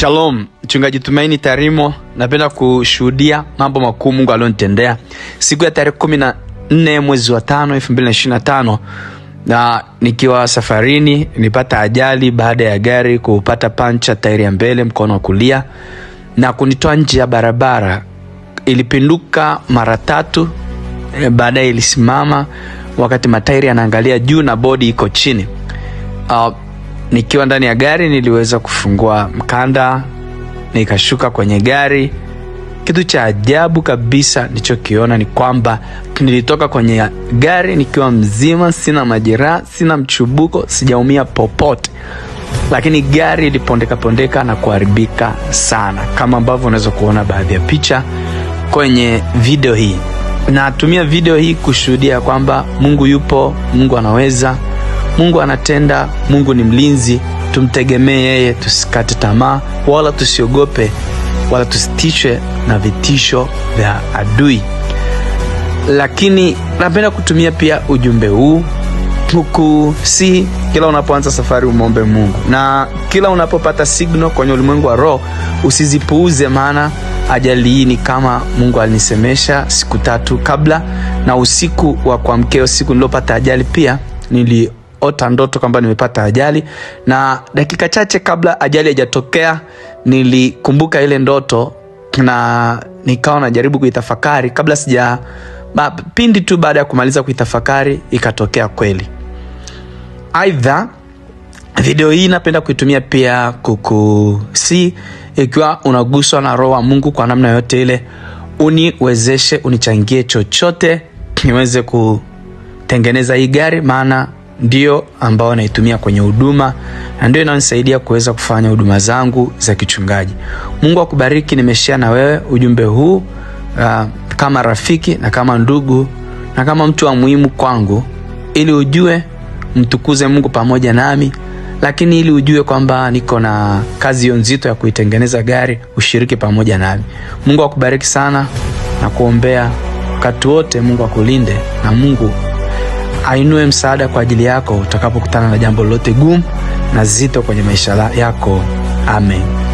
Shalom, mchungaji Tumaini Tarimo. Napenda kushuhudia mambo makuu Mungu alionitendea siku ya tarehe kumi na nne mwezi wa tano elfu mbili na ishirini na tano na nikiwa safarini nipata ajali baada ya gari kupata pancha tairi ya mbele mkono wa kulia na kunitoa nje ya barabara. Ilipinduka mara tatu, e, baadaye ilisimama wakati matairi yanaangalia juu na bodi iko chini. Uh, Nikiwa ndani ya gari niliweza kufungua mkanda, nikashuka kwenye gari. Kitu cha ajabu kabisa nilichokiona ni kwamba nilitoka kwenye gari nikiwa mzima, sina majeraha, sina mchubuko, sijaumia popote, lakini gari ilipondeka pondeka na kuharibika sana, kama ambavyo unaweza kuona baadhi ya picha kwenye video hii. Natumia video hii kushuhudia kwamba Mungu yupo, Mungu anaweza Mungu anatenda, Mungu ni mlinzi. Tumtegemee yeye, tusikate tamaa wala tusiogope wala tusitishwe na vitisho vya adui. Lakini napenda kutumia pia ujumbe huu huku, si kila unapoanza safari umombe Mungu, na kila unapopata signal kwenye ulimwengu wa roho usizipuuze, maana ajali hii ni kama Mungu alinisemesha siku tatu kabla, na usiku wa kuamkeo siku nilopata ajali pia nili niliota ndoto kwamba nimepata ajali, na dakika chache kabla ajali haijatokea nilikumbuka ile ndoto na nikawa najaribu kuitafakari kabla sija ba, pindi tu baada ya kumaliza kuitafakari ikatokea kweli. Aidha, video hii napenda kuitumia pia kukusi, ikiwa unaguswa na roho wa Mungu kwa namna yote ile, uniwezeshe unichangie chochote niweze kutengeneza hii gari maana ndio ambao naitumia kwenye huduma na ndio inanisaidia kuweza kufanya huduma zangu za kichungaji. Mungu akubariki. Nimeshare na wewe ujumbe huu uh, kama rafiki na kama ndugu na kama mtu wa muhimu kwangu, ili ujue mtukuze Mungu pamoja nami, lakini ili ujue kwamba niko na kazi hiyo nzito ya kuitengeneza gari, ushiriki pamoja nami. Mungu akubariki sana na kuombea wakati wote. Mungu akulinde na Mungu ainue msaada kwa ajili yako utakapokutana na jambo lolote gumu na zito kwenye maisha yako. Amen.